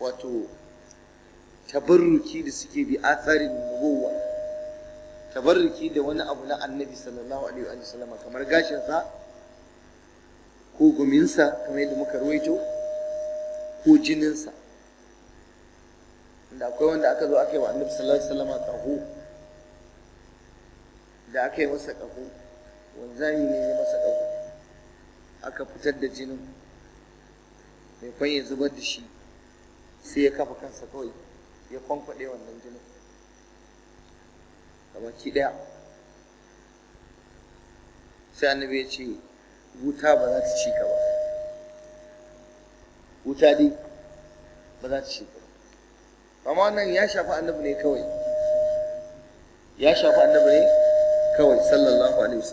wato tabarruki da suke bi atharin nubuwa tabarruki da wani abu na annabi sallallahu alaihi wa sallam kamar gashinsa ko guminsa kamar yadda muka ruwaito ko jininsa da akwai wanda aka zo aka yi wa annabi sallallahu alaihi wa sallam da aka yi masa ƙaho wanzami ne ya masa ƙaho aka fitar da jinin mai kwanye zubar da shi sai ya kafa kansa kawai ya kwankwaɗe wannan jinin gabaki ɗaya sai annabi ya ce wuta ba za ta ci ka ba wuta dai ba za ta ci ka ba amma wannan ya shafi annabi ne kawai ya shafi annabi ne kawai sallallahu alaihi wasallam